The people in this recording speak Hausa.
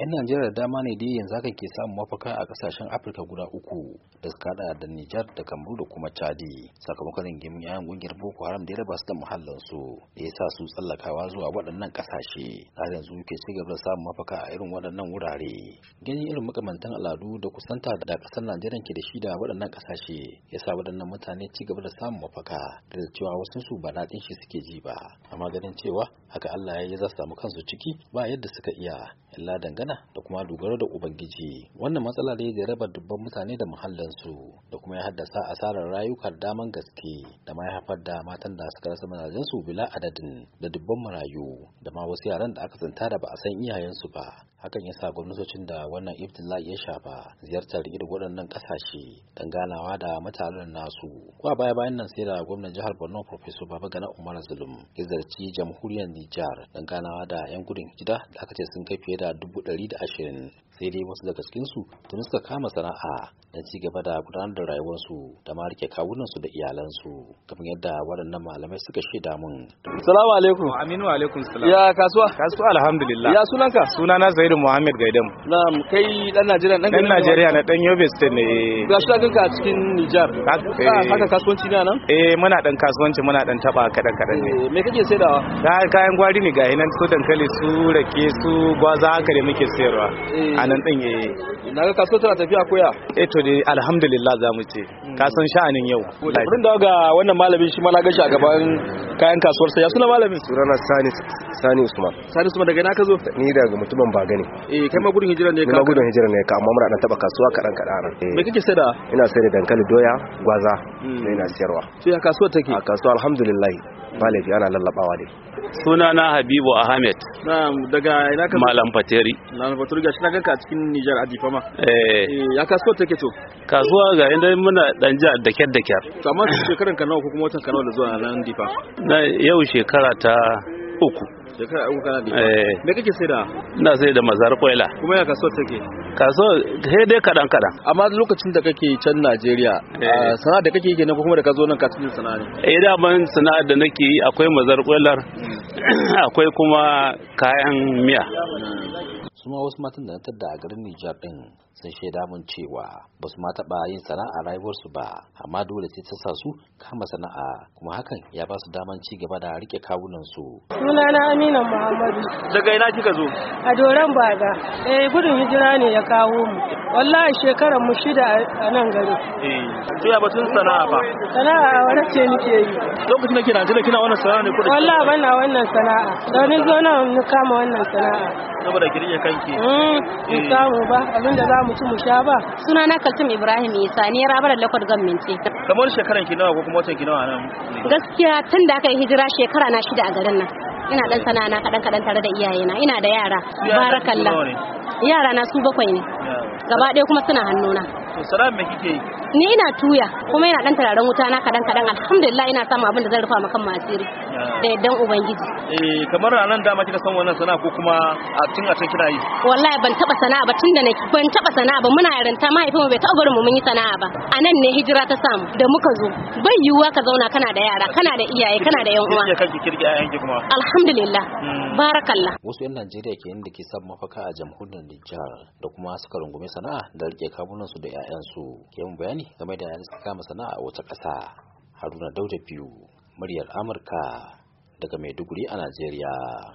'yan najeriya da dama ne dai yanzu haka ke samun mafaka a kasashen afirka guda uku da suka hada da nijar da kamaru da kuma chadi sakamakon rigimin yayan gungiyar boko haram da ya raba su da muhallansu da ya sa su tsallakawa zuwa waɗannan kasashe har yanzu ke ci gaba da samun mafaka a irin waɗannan wurare ganin irin makamantan al'adu da kusanta da ƙasar najeriya ke da shi da waɗannan kasashe ya sa waɗannan mutane ci gaba da samun mafaka da cewa wasu su ba daɗin shi suke ji ba amma ganin cewa haka Allah ya yi za su samu kansu ciki ba yadda suka iya illa dangana magana da kuma dogaro da ubangiji wannan matsala ne da raba dubban mutane da muhallansu da kuma ya haddasa asarar rayukan daman gaske da ma ya haifar da matan da suka rasa su bila adadin da dubban marayu da ma wasu yaran da aka zanta da ba a san iyayensu ba hakan ya sa gwamnatocin da wannan iftila'i ya shafa ziyartar irin waɗannan ƙasashe don ganawa da mutanen nasu ko a baya bayan nan sai da gwamnan jihar borno professor gana umar zulum ya zarci jamhuriyar nijar don ganawa da 'yan gudun hijira da aka ce sun kai fiye da dubu ɗari ne. sai dai wasu daga cikinsu tuni suka kama sana'a don ci gaba da gudanar da rayuwarsu da ma rike kawunansu da iyalansu kamar yadda waɗannan malamai suka shaida mun. Salamu alaikum. Aminu alaikum salam. Ya kasuwa? Kasuwa alhamdulillah. Ya sunanka? Sunana Zaidu Muhammad Gaidam. Na'am kai dan Najeriya dan Dan Najeriya na dan Yobe State ne. Ga shi ka a cikin Nijar. Eh. Haka kasuwanci ne nan? Eh muna dan kasuwanci muna dan taba kadan kadan ne. Eh, me kake saidawa? Kayan gwari ne ga hinan su dankali su rake su gwaza haka da muke sayarwa. Eh. nan din eh na ga kaso tana tafiya koya eh to dai alhamdulillah za mu ce hmm. ka san sha'anin yau wurin da ga wannan malamin shi ma na gashi a gaban kayan kasuwar sa ya suna malamin surana sani sani usman sani usman daga na ka zo ni daga mutumin ba gane eh kai ma gudun hijira ne ka ma gudun hijira ne ka amma mura dan taba kasuwa kadan kadan eh. me kike saida ina da dankali doya gwaza hmm. ina siyarwa sai ya kasuwa take a kasuwa alhamdulillah ba laifi ana lallabawa ne suna na habibu ahmed daga ina ka malam fateri malam fateri gashi na ganka a cikin nijar a jifama eh. eh ya kasuwa take to kasuwa ga inda muna dan ji da kyar da kyar amma shekaran ka nawa ko kuma watan ka nawa da zuwa nan difa na yau shekara ta uku shekara uku kana da eh. me kake sai da ina sai da mazar kwaila kuma ya kasuwar take Kaso sai dai kadan kadan amma lokacin da kake can Najeriya eh. sana'a da kake yi kenan ko kuma da ka zo nan ka cikin sana'a ne eh da ban sana'a da nake akwai mazar kwailar hmm. akwai kuma kayan miya suma wasu matan da na a garin Nijar din sun shaida mun cewa ba su ma taɓa yin sana'a rayuwarsu ba amma dole sai ta sa su kama sana'a kuma hakan ya ba su daman ci gaba da rike kawunan su. Sunana Amina Muhammadu. Daga ina kika zo? A Doron Baga. Eh gudun hijira ne ya kawo mu. Wallahi shekarar mu shida a nan gari. Eh. To ya sun sana'a ba? Sana'a wani ce nake yi. Lokacin da kina kina kina wannan sana'a ne ko da? ban na wannan sana'a da ni zo nan ni kama wannan sana'a saboda girye kanki in mm, eh. samu ba abinda za mu ci mu sha ba suna na kaltum ibrahim isa ne rabar lakwat gwamnati kamar shekaran ki nawa ko kuma watan ki nawa nan gaskiya tun da aka yi hijira shekara na shida a garin nan ina dan sana'a na kadan kadan tare da iyayena ina da yara barakallah yara na su bakwai ne gaba ɗaya kuma suna hannuna to sana'a me kike yi ni ina tuya kuma ina dan tararen wuta na kadan kadan alhamdulillah ina samun abin da zan rufa makan masiri da yaddan ubangiji eh kamar a nan dama kika san wannan sana'a ko kuma a tun a can kina yi wallahi ban taba sana'a ba tun da nake ban taba sana'a ba muna yaranta mahaifinmu bai taba barin mu mun yi sana'a ba a nan ne hijira ta samu da muka zo bai yiwuwa ka zauna kana da yara kana da iyaye kana da yan uwa alhamdulillah hmm. barakallah wasu yan Najeriya ke da ke samun mafaka a jamhuriyar Nijar da kuma suka rungume sana'a da rike kabunan su da su ke mun bayani bayani game da yanzu ka kama sana'a a wata ƙasa haruna dauda biyu muryar amurka daga maiduguri a najeriya